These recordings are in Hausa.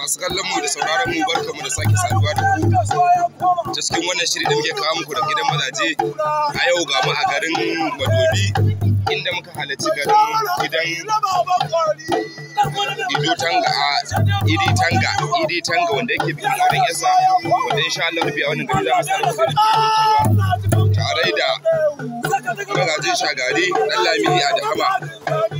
masu kallon mu da sauraron mu barka mu da sake saduwa da ku ta cikin wannan shiri da muke kawo muku da gidan mazaje a yau ga mu a garin Madobi inda muka halarci garin gidan Ido Tanga a Idi Tanga Idi Tanga wanda yake bikin garin yasa wanda insha Allah rubi a wannan gari za mu samu tare da mazaje shagari Allah mini a da hama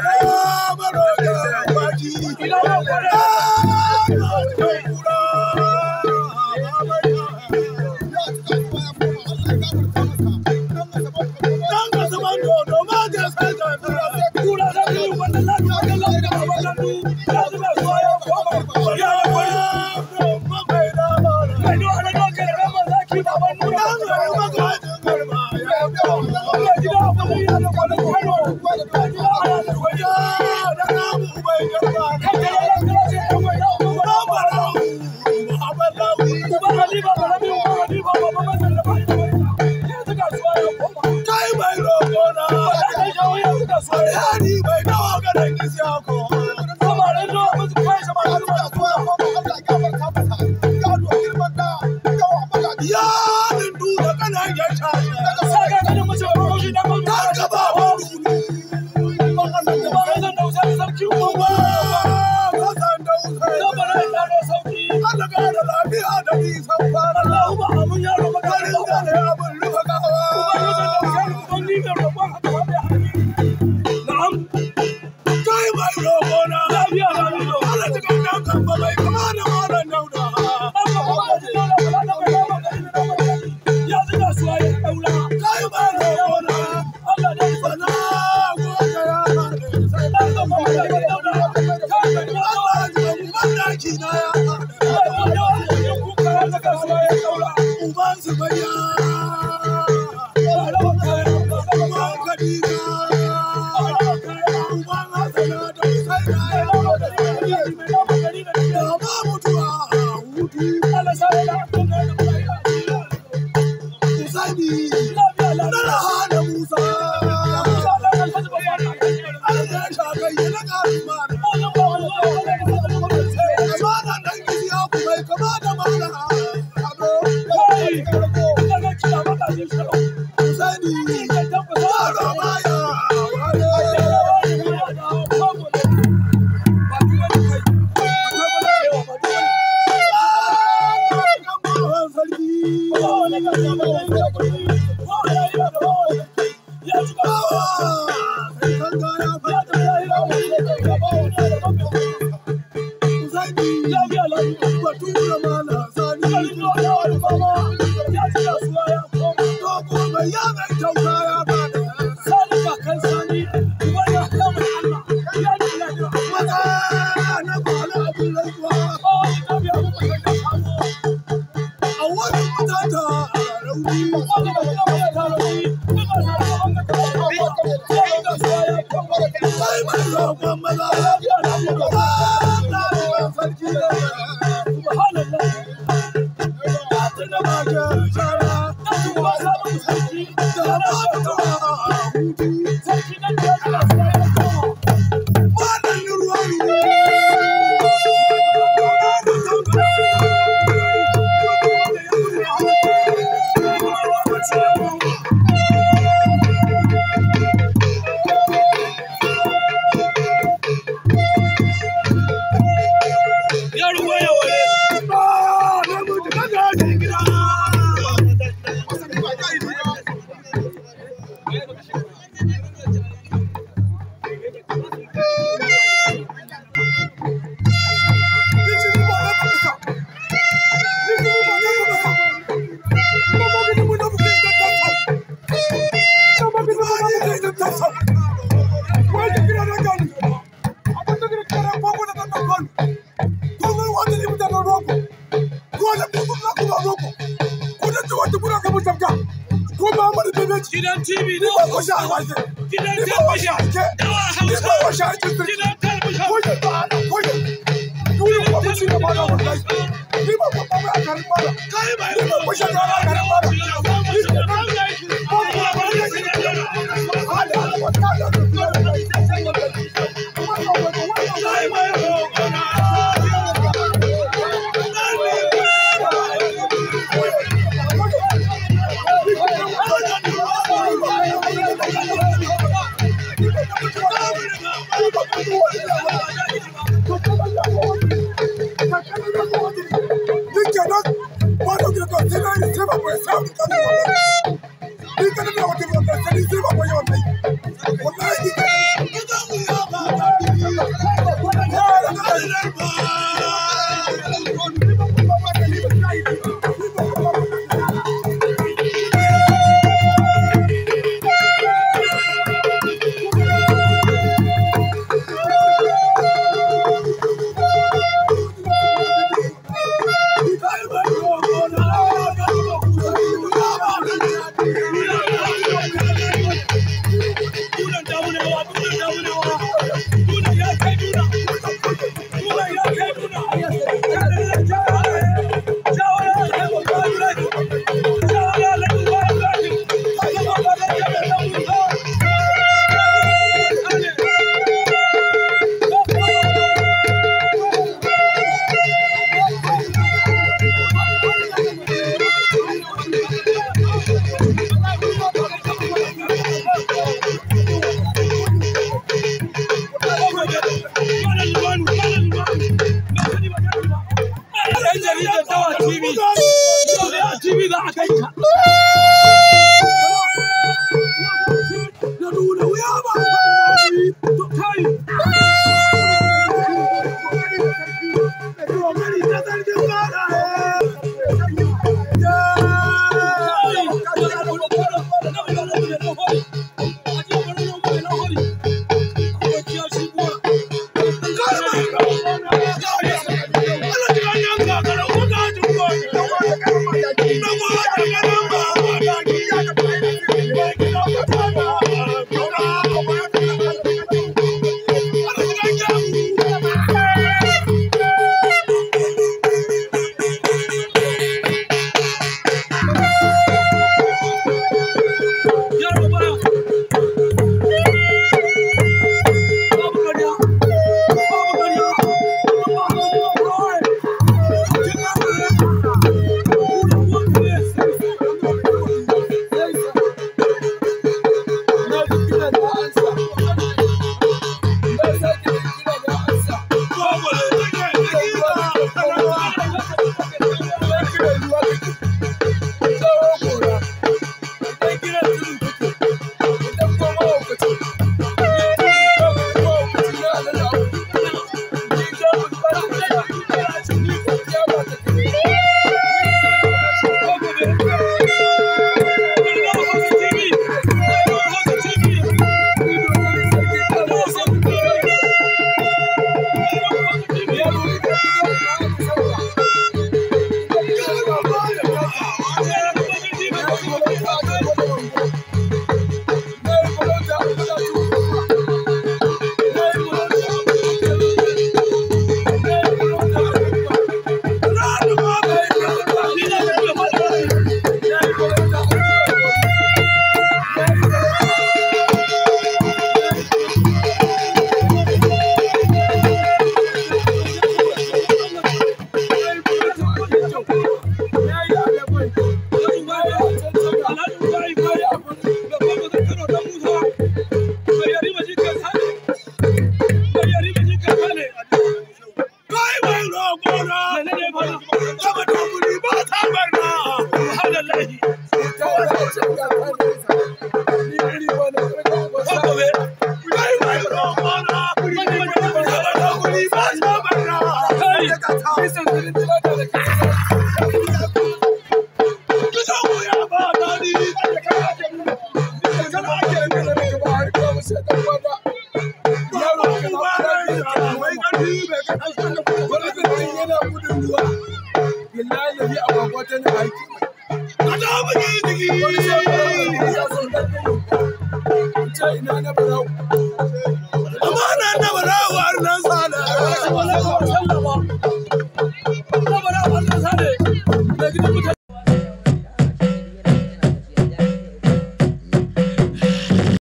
ìlọ́wọ́ ọmọ rẹ̀ ọ̀gá wájú. jihadi bai kawo garin isiyaku 不怎么样？television. Gidan television. Yawa Hausa. Gidan washa district. Gidan television. push it ana koyi. Duniya kuma mun ci gaba da wallahi. Ni ba kuma ba a garin bara. Kai ba. Ni ba kuma shagara a garin bara. Tchau, tchau, tchau. Amana na barawa na sa 是来，我来，我的吗？